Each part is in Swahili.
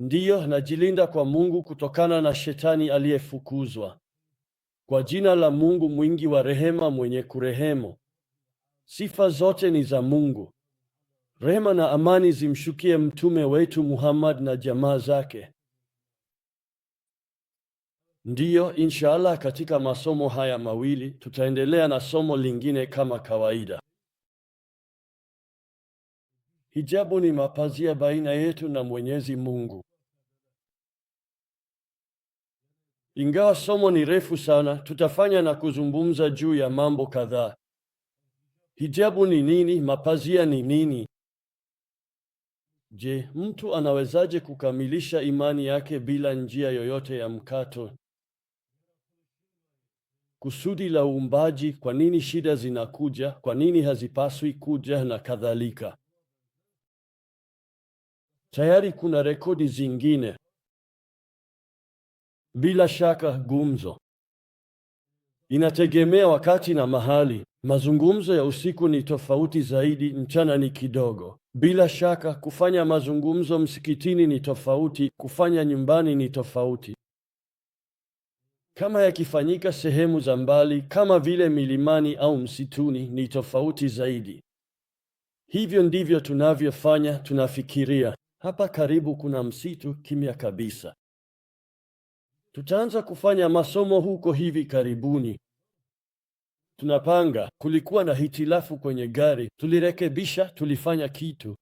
Ndiyo, najilinda kwa Mungu kutokana na shetani aliyefukuzwa. Kwa jina la Mungu mwingi wa rehema, mwenye kurehemu. Sifa zote ni za Mungu. Rehema na amani zimshukie mtume wetu Muhammad na jamaa zake. Ndiyo, inshallah, katika masomo haya mawili tutaendelea na somo lingine kama kawaida. Hijabu ni mapazia baina yetu na Mwenyezi Mungu. Ingawa somo ni refu sana, tutafanya na kuzungumza juu ya mambo kadhaa. Hijabu ni nini? Mapazia ni nini? Je, mtu anawezaje kukamilisha imani yake bila njia yoyote ya mkato? Kusudi la uumbaji, kwa nini shida zinakuja, kwa nini hazipaswi kuja na kadhalika. Tayari kuna rekodi zingine. Bila shaka gumzo inategemea wakati na mahali. Mazungumzo ya usiku ni tofauti zaidi, mchana ni kidogo. Bila shaka kufanya mazungumzo msikitini ni tofauti, kufanya nyumbani ni tofauti. Kama yakifanyika sehemu za mbali kama vile milimani au msituni ni tofauti zaidi. Hivyo ndivyo tunavyofanya, tunafikiria hapa karibu kuna msitu, kimya kabisa. Tutaanza kufanya masomo huko hivi karibuni. Tunapanga. Kulikuwa na hitilafu kwenye gari, tulirekebisha, tulifanya kitu.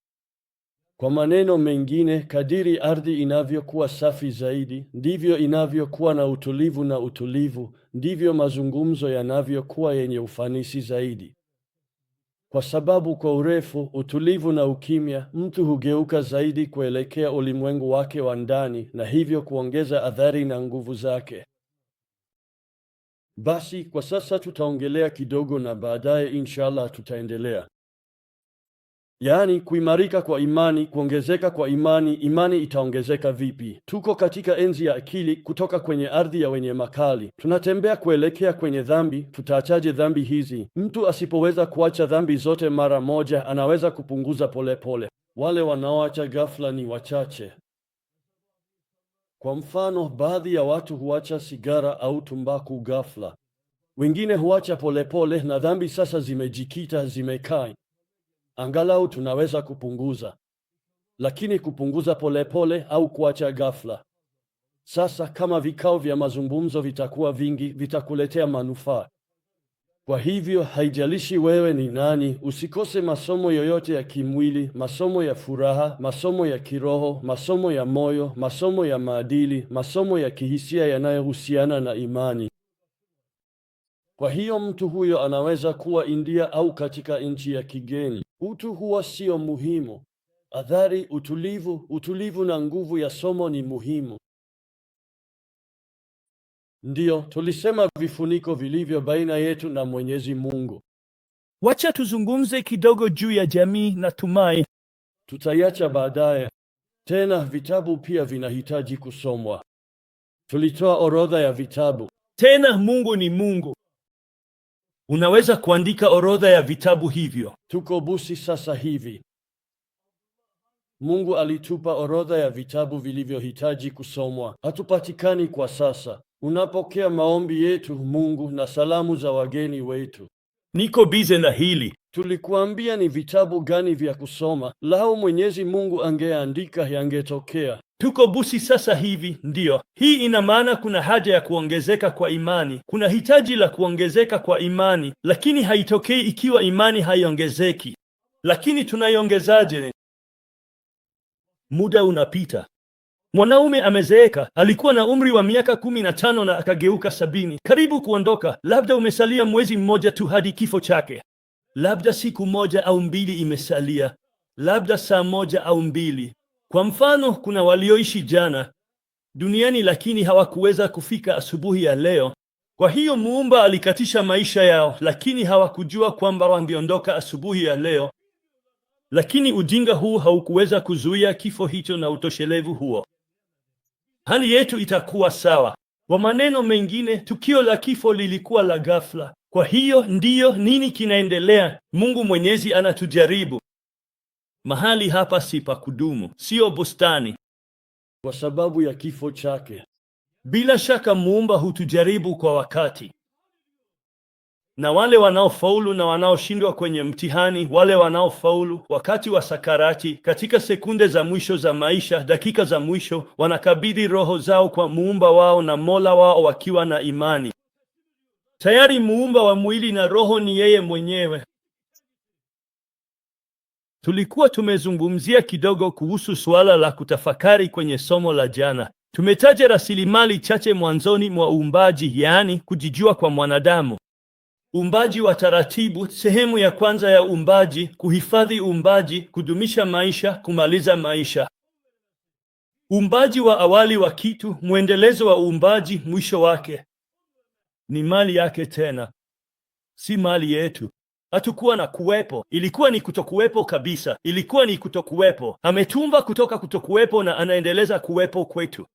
Kwa maneno mengine, kadiri ardhi inavyokuwa safi zaidi, ndivyo inavyokuwa na utulivu, na utulivu ndivyo mazungumzo yanavyokuwa yenye ufanisi zaidi kwa sababu kwa urefu, utulivu na ukimya, mtu hugeuka zaidi kuelekea ulimwengu wake wa ndani na hivyo kuongeza athari na nguvu zake. Basi kwa sasa tutaongelea kidogo na baadaye inshallah tutaendelea. Yaani kuimarika kwa imani, kuongezeka kwa imani. Imani itaongezeka vipi? Tuko katika enzi ya akili, kutoka kwenye ardhi ya wenye makali, tunatembea kuelekea kwenye dhambi. Tutaachaje dhambi hizi? Mtu asipoweza kuacha dhambi zote mara moja, anaweza kupunguza polepole pole. Wale wanaoacha ghafla ni wachache. Kwa mfano, baadhi ya watu huacha sigara au tumbaku ghafla, wengine huacha polepole pole, na dhambi sasa zimejikita, zimekaa angalau tunaweza kupunguza, lakini kupunguza polepole pole au kuacha ghafla. Sasa kama vikao vya mazungumzo vitakuwa vingi, vitakuletea manufaa. Kwa hivyo haijalishi wewe ni nani, usikose masomo yoyote ya kimwili, masomo ya furaha, masomo ya kiroho, masomo ya moyo, masomo ya maadili, masomo ya kihisia yanayohusiana na imani. Kwa hiyo mtu huyo anaweza kuwa India au katika nchi ya kigeni. Utu huwa sio muhimu. Athari utulivu. Utulivu na nguvu ya somo ni muhimu. Ndiyo, tulisema vifuniko vilivyo baina yetu na Mwenyezi Mungu. Wacha tuzungumze kidogo juu ya jamii na tumai. Tutaiacha baadaye. Tena vitabu pia vinahitaji kusomwa. Tulitoa orodha ya vitabu. Tena Mungu ni Mungu. Unaweza kuandika orodha ya vitabu hivyo. Tuko busi sasa hivi. Mungu alitupa orodha ya vitabu vilivyohitaji kusomwa. Hatupatikani kwa sasa. Unapokea maombi yetu Mungu na salamu za wageni wetu. Niko bize na hili. Tulikuambia ni vitabu gani vya kusoma? Lau Mwenyezi Mungu angeandika yangetokea. Tuko busi sasa hivi, ndiyo. Hii ina maana kuna haja ya kuongezeka kwa imani, kuna hitaji la kuongezeka kwa imani, lakini haitokei ikiwa imani haiongezeki. Lakini tunaiongezaje? Muda unapita. Mwanaume amezeeka, alikuwa na umri wa miaka kumi na tano na akageuka sabini, karibu kuondoka. Labda umesalia mwezi mmoja tu hadi kifo chake, labda siku moja au mbili imesalia, labda saa moja au mbili kwa mfano, kuna walioishi jana duniani lakini hawakuweza kufika asubuhi ya leo. Kwa hiyo muumba alikatisha maisha yao, lakini hawakujua kwamba wangeondoka asubuhi ya leo. Lakini ujinga huu haukuweza kuzuia kifo hicho na utoshelevu huo. Hali yetu itakuwa sawa. Kwa maneno mengine, tukio la kifo lilikuwa la ghafla. Kwa hiyo ndiyo, nini kinaendelea? Mungu Mwenyezi anatujaribu. Mahali hapa si pa kudumu, sio bustani, kwa sababu ya kifo chake. Bila shaka muumba hutujaribu kwa wakati, na wale wanaofaulu na wanaoshindwa kwenye mtihani, wale wanaofaulu wakati wa sakarati, katika sekunde za mwisho za maisha, dakika za mwisho, wanakabidhi roho zao kwa muumba wao na mola wao wakiwa na imani. Tayari muumba wa mwili na roho ni yeye mwenyewe. Tulikuwa tumezungumzia kidogo kuhusu suala la kutafakari kwenye somo la jana. Tumetaja rasilimali chache mwanzoni mwa uumbaji, yaani kujijua kwa mwanadamu. Uumbaji wa taratibu, sehemu ya kwanza ya uumbaji, kuhifadhi uumbaji, kudumisha maisha, kumaliza maisha. Uumbaji wa awali wa kitu, mwendelezo wa uumbaji, mwisho wake ni mali yake tena, si mali yetu hatukuwa na kuwepo, ilikuwa ni kutokuwepo kabisa, ilikuwa ni kutokuwepo. Ametumba kutoka kutokuwepo na anaendeleza kuwepo kwetu.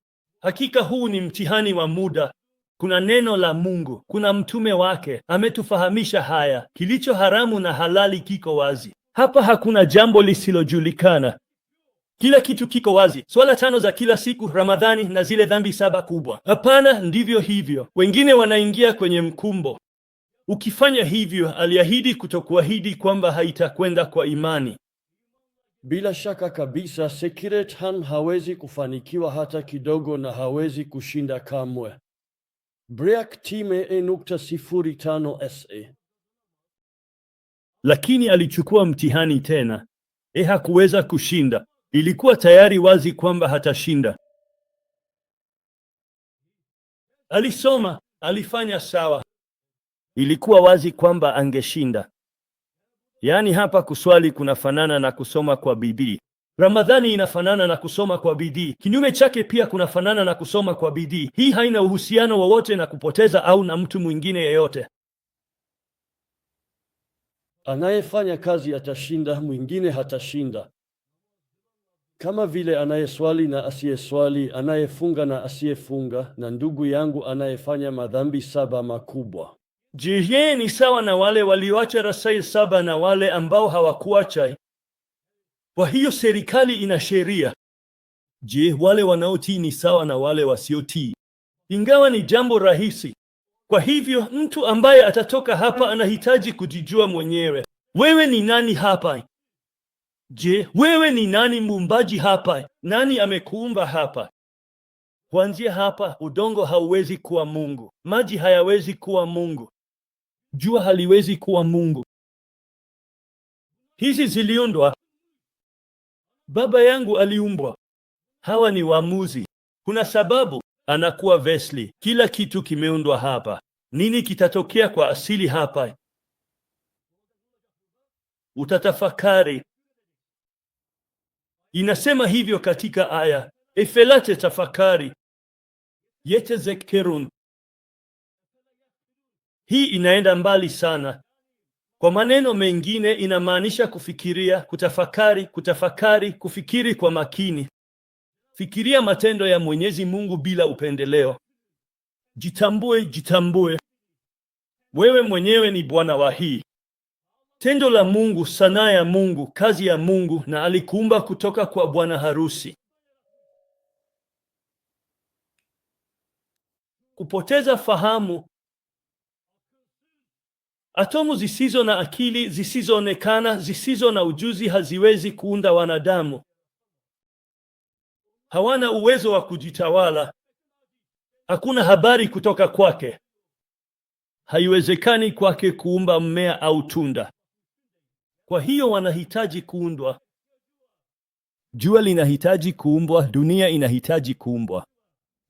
Hakika huu ni mtihani wa muda. Kuna neno la Mungu, kuna mtume wake ametufahamisha haya. Kilicho haramu na halali kiko wazi hapa, hakuna jambo lisilojulikana. Kila kitu kiko wazi. Swala tano za kila siku, Ramadhani na zile dhambi saba kubwa. Hapana, ndivyo hivyo. Wengine wanaingia kwenye mkumbo. Ukifanya hivyo, aliahidi kutokuahidi kwamba haitakwenda kwa imani. Bila shaka kabisa, Sekiretan hawezi kufanikiwa hata kidogo na hawezi kushinda kamwe. Break e Lakini alichukua mtihani tena. E, hakuweza kushinda. Ilikuwa tayari wazi kwamba hatashinda. Alisoma, alifanya sawa ilikuwa wazi kwamba angeshinda. Yaani hapa kuswali kunafanana na kusoma kwa bidii. Ramadhani inafanana na kusoma kwa bidii. Kinyume chake pia kunafanana na kusoma kwa bidii. Hii haina uhusiano wowote na kupoteza au na mtu mwingine yeyote. Anayefanya kazi atashinda, mwingine hatashinda. Kama vile anayeswali na asiyeswali, anayefunga na asiyefunga, na ndugu yangu anayefanya madhambi saba makubwa. Je, ni sawa na wale walioacha rasai saba na wale ambao hawakuacha? Kwa hiyo serikali ina sheria. Je, wale wanaotii ni sawa na wale wasiotii? Ingawa ni jambo rahisi. Kwa hivyo mtu ambaye atatoka hapa anahitaji kujijua mwenyewe. Wewe ni nani hapa? Je, wewe ni nani? Muumbaji hapa? Nani amekuumba hapa? Kuanzia hapa, udongo hauwezi kuwa Mungu, maji hayawezi kuwa Mungu, jua haliwezi kuwa Mungu. Hizi ziliundwa. Baba yangu aliumbwa. Hawa ni waamuzi. Kuna sababu anakuwa vesli. Kila kitu kimeundwa hapa. Nini kitatokea kwa asili hapa? Utatafakari. Inasema hivyo katika aya, efelate tafakari yetezekerun hii inaenda mbali sana. Kwa maneno mengine, inamaanisha kufikiria, kutafakari, kutafakari, kufikiri kwa makini. Fikiria matendo ya Mwenyezi Mungu bila upendeleo. Jitambue, jitambue wewe mwenyewe ni bwana wa hii. Tendo la Mungu, sanaa ya Mungu, kazi ya Mungu, na alikuumba kutoka kwa bwana harusi. Kupoteza fahamu Atomu zisizo na akili, zisizoonekana, zisizo na ujuzi haziwezi kuunda wanadamu. Hawana uwezo wa kujitawala. Hakuna habari kutoka kwake. Haiwezekani kwake kuumba mmea au tunda. Kwa hiyo wanahitaji kuundwa. Jua linahitaji kuumbwa, dunia inahitaji kuumbwa.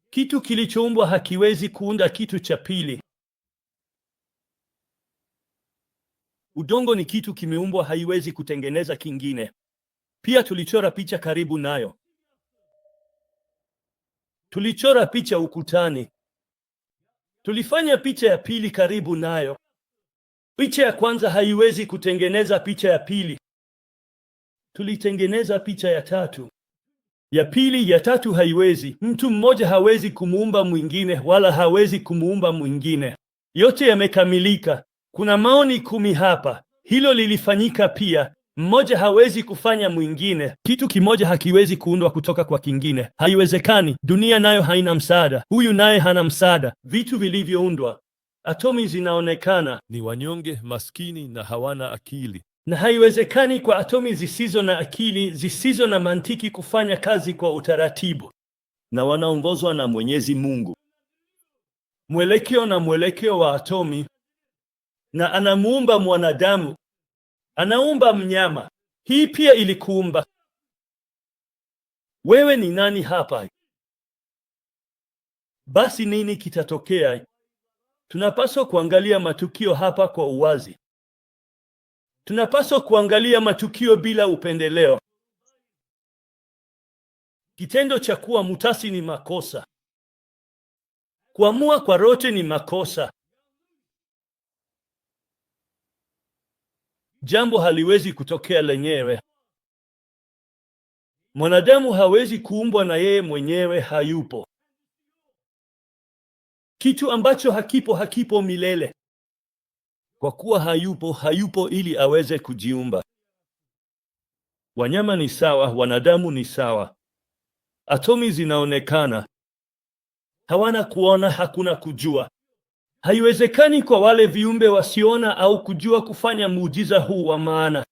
Kitu kilichoumbwa hakiwezi kuunda kitu cha pili. Udongo ni kitu kimeumbwa, haiwezi kutengeneza kingine. Pia tulichora picha karibu nayo, tulichora picha ukutani, tulifanya picha ya pili karibu nayo. Picha ya kwanza haiwezi kutengeneza picha ya pili, tulitengeneza picha ya tatu, ya pili, ya tatu haiwezi. Mtu mmoja hawezi kumuumba mwingine, wala hawezi kumuumba mwingine. Yote yamekamilika. Kuna maoni kumi hapa. Hilo lilifanyika pia. Mmoja hawezi kufanya mwingine. Kitu kimoja hakiwezi kuundwa kutoka kwa kingine, haiwezekani. Dunia nayo haina msaada, huyu naye hana msaada. Vitu vilivyoundwa, atomi zinaonekana ni wanyonge, maskini na hawana akili, na haiwezekani kwa atomi zisizo na akili, zisizo na mantiki kufanya kazi kwa utaratibu, na wanaongozwa na Mwenyezi Mungu. Mwelekeo na mwelekeo wa atomi na anamuumba mwanadamu, anaumba mnyama. Hii pia ilikuumba wewe. Ni nani hapa? Basi nini kitatokea? Tunapaswa kuangalia matukio hapa kwa uwazi. Tunapaswa kuangalia matukio bila upendeleo. Kitendo cha kuwa mutasi ni makosa. Kuamua kwa rote ni makosa. Jambo haliwezi kutokea lenyewe. Mwanadamu hawezi kuumbwa na yeye mwenyewe hayupo. Kitu ambacho hakipo hakipo milele. Kwa kuwa hayupo, hayupo ili aweze kujiumba. Wanyama ni sawa, wanadamu ni sawa. Atomi zinaonekana, hawana kuona, hakuna kujua. Haiwezekani kwa wale viumbe wasiona au kujua kufanya muujiza huu wa maana.